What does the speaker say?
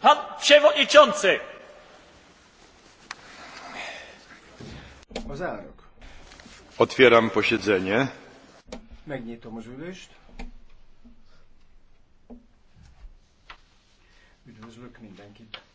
Pan przewodniczący! Otwieram posiedzenie. az ülést. Üdvözlök mindenkit.